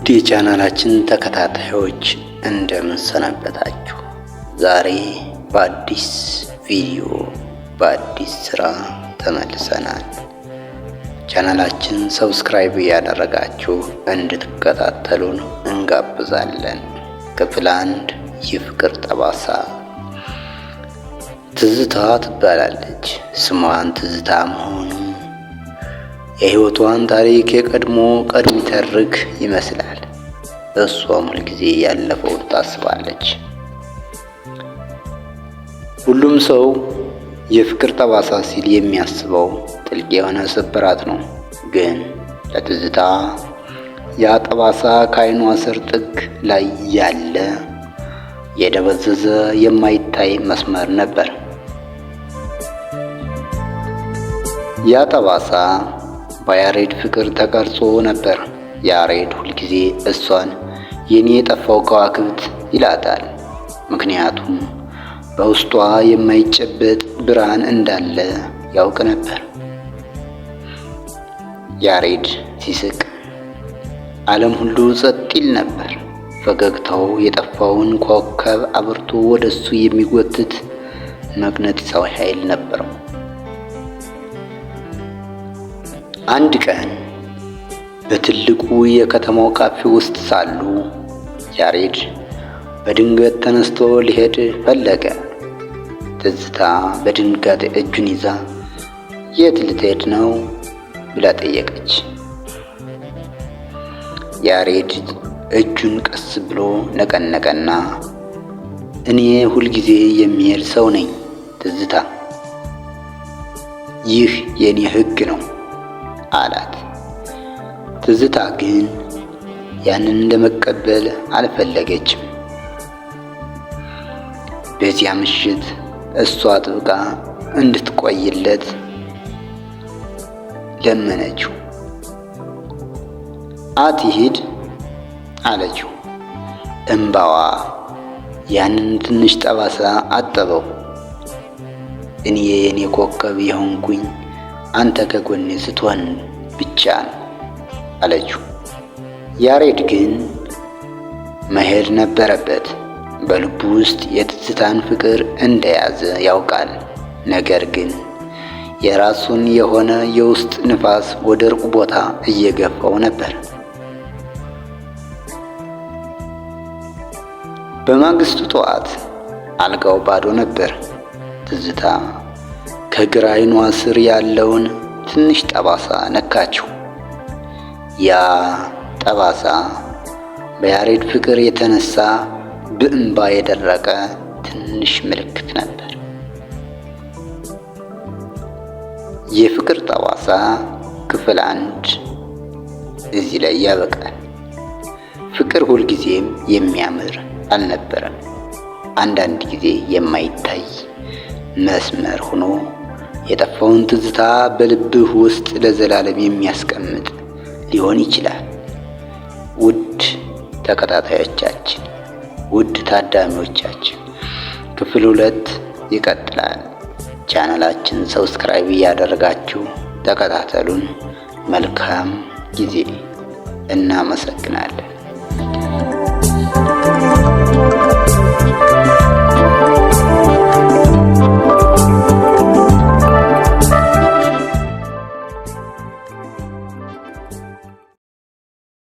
ውድ የቻናላችን ተከታታዮች እንደምን ሰነበታችሁ? ዛሬ በአዲስ ቪዲዮ በአዲስ ስራ ተመልሰናል። ቻናላችን ሰብስክራይብ እያደረጋችሁ እንድትከታተሉን እንጋብዛለን። ክፍል አንድ የፍቅር ጠባሳ። ትዝታ ትባላለች። ስሟን ትዝታ መሆን የሕይወቷን ታሪክ የቀድሞ ቀድሚ ይተርክ ይመስላል። እሷም ሁልጊዜ ያለፈውን ታስባለች። ሁሉም ሰው የፍቅር ጠባሳ ሲል የሚያስበው ጥልቅ የሆነ ስብራት ነው። ግን ለትዝታ ያ ጠባሳ ከዓይኗ ስር ጥግ ላይ ያለ የደበዘዘ የማይታይ መስመር ነበር። ያ ጠባሳ በያሬድ ፍቅር ተቀርጾ ነበር። ያሬድ ሁልጊዜ እሷን የኔ የጠፋው ከዋክብት ይላታል። ምክንያቱም በውስጧ የማይጨበጥ ብርሃን እንዳለ ያውቅ ነበር። ያሬድ ሲስቅ ዓለም ሁሉ ጸጥ ይል ነበር። ፈገግታው የጠፋውን ኮከብ አብርቶ ወደሱ የሚጎትት መግነጢሳዊ ኃይል ነበረው። አንድ ቀን በትልቁ የከተማው ካፌ ውስጥ ሳሉ ያሬድ በድንገት ተነስቶ ሊሄድ ፈለገ። ትዝታ በድንጋጤ እጁን ይዛ የት ልትሄድ ነው ብላ ጠየቀች። ያሬድ እጁን ቀስ ብሎ ነቀነቀና እኔ ሁልጊዜ የሚሄድ ሰው ነኝ ትዝታ፣ ይህ የኔ ሕግ ነው አላት። ትዝታ ግን ያንን እንደመቀበል አልፈለገችም። በዚያ ምሽት እሷ ጥብቃ እንድትቆይለት ለመነችው። አትሂድ አለችው። እምባዋ ያንን ትንሽ ጠባሳ አጠበው። እኔ የኔ ኮከብ የሆንኩኝ አንተ ከጎኔ ስትሆን ብቻ ነው አለችው። ያሬድ ግን መሄድ ነበረበት። በልቡ ውስጥ የትዝታን ፍቅር እንደያዘ ያውቃል። ነገር ግን የራሱን የሆነ የውስጥ ንፋስ ወደ ርቁ ቦታ እየገፋው ነበር። በማግስቱ ጠዋት አልጋው ባዶ ነበር። ትዝታ ከግራ አይኗ ስር ያለውን ትንሽ ጠባሳ ነካችው። ያ ጠባሳ በያሬድ ፍቅር የተነሳ በእንባ የደረቀ ትንሽ ምልክት ነበር። የፍቅር ጠባሳ ክፍል አንድ እዚህ ላይ ያበቃል። ፍቅር ሁልጊዜም የሚያምር አልነበረም። አንዳንድ ጊዜ የማይታይ መስመር ሆኖ የጠፋውን ትዝታ በልብህ ውስጥ ለዘላለም የሚያስቀምጥ ሊሆን ይችላል። ውድ ተከታታዮቻችን፣ ውድ ታዳሚዎቻችን ክፍል ሁለት ይቀጥላል። ቻናላችን ሰብስክራይብ እያደረጋችሁ ተከታተሉን። መልካም ጊዜ። እናመሰግናለን።